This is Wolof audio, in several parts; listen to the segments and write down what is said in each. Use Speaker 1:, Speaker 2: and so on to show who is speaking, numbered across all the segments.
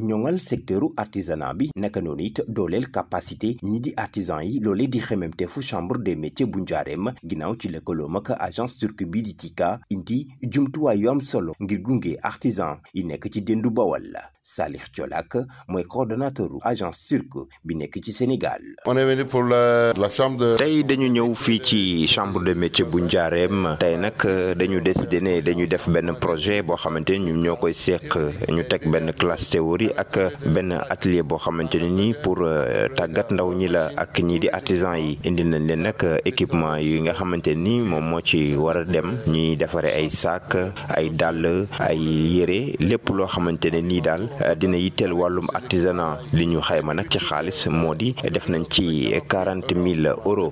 Speaker 1: ñoŋal secteuru artisanat bi naka noonu it dooleel capacité ñi di artisan yi loolee di fu chambre des métiers bu njaareem ginnaaw ci lëkkaloom ak agence turque bi di TICA indi jumtuwaay yu am solo ngir gunge artisan yi nekk ci dendu bawal Salih Cholak mooy coordonnateur agence turque bi nekk ci Sénégal. on est la la chambre tey dañu ñëw fii ci chambre des métier bu njaareem tey nag euh, dañu décider ne dañu def benn projet boo xamante ni ñun ñoo koy seq ñu teg benn classe théorie. bi ak benn atelier boo xamante ne nii pour euh, tàggat ndaw ñi la ak ñii di artisan yi indi nañ leen nag équipement yi nga xamante ni moom moo ci war a dem ñuy defaree ay sac ay dàll ay yére lépp loo xamante ne nii daal euh, dina yitteel wàllum artisanat li ñu xayma nag ci xaalis moo di def nañ ci quarante mille euros.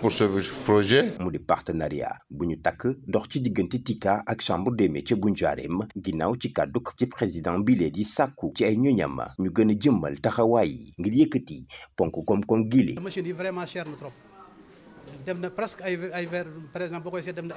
Speaker 1: pour ce projet. mu di partenariat bu ñu takk dox ci diggante TICA ak chambre des métiers bu Njaareem ginnaaw ci kàdduk ci président bi lee di ci ay ñoñam ñu gën a jëmmal taxawaay ngir yëkkati ponk koom-koom giile.
Speaker 2: machine yi vraiment cher na trop dem na presque ay ay par exemple boo koy seet def na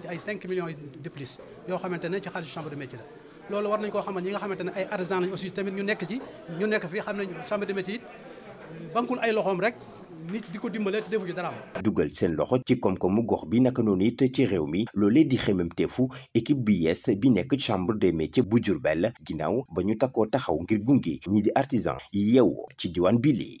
Speaker 2: ci ay cinq de plus yoo xamante ci xaalis chambre de métier la. loolu war nañ koo xamal ñi nga xamante ay artisans lañ aussi tamit ñu nekk ci ñu nekk fii xam nañ chambre de métier it bankul ay loxoom rek. nit di ko dimbale te defuñu dara
Speaker 1: dugal seen loxo ci koom-koomu gox bi naka noonu it ci réew mi loolee di xememteefu équipe bi yees bi nekk chambre des métiers bu jur Diourbel ginnaaw ba ñu takkoo taxaw ngir gunge ñi di artisan yi yeewoo ci diwaan bi lii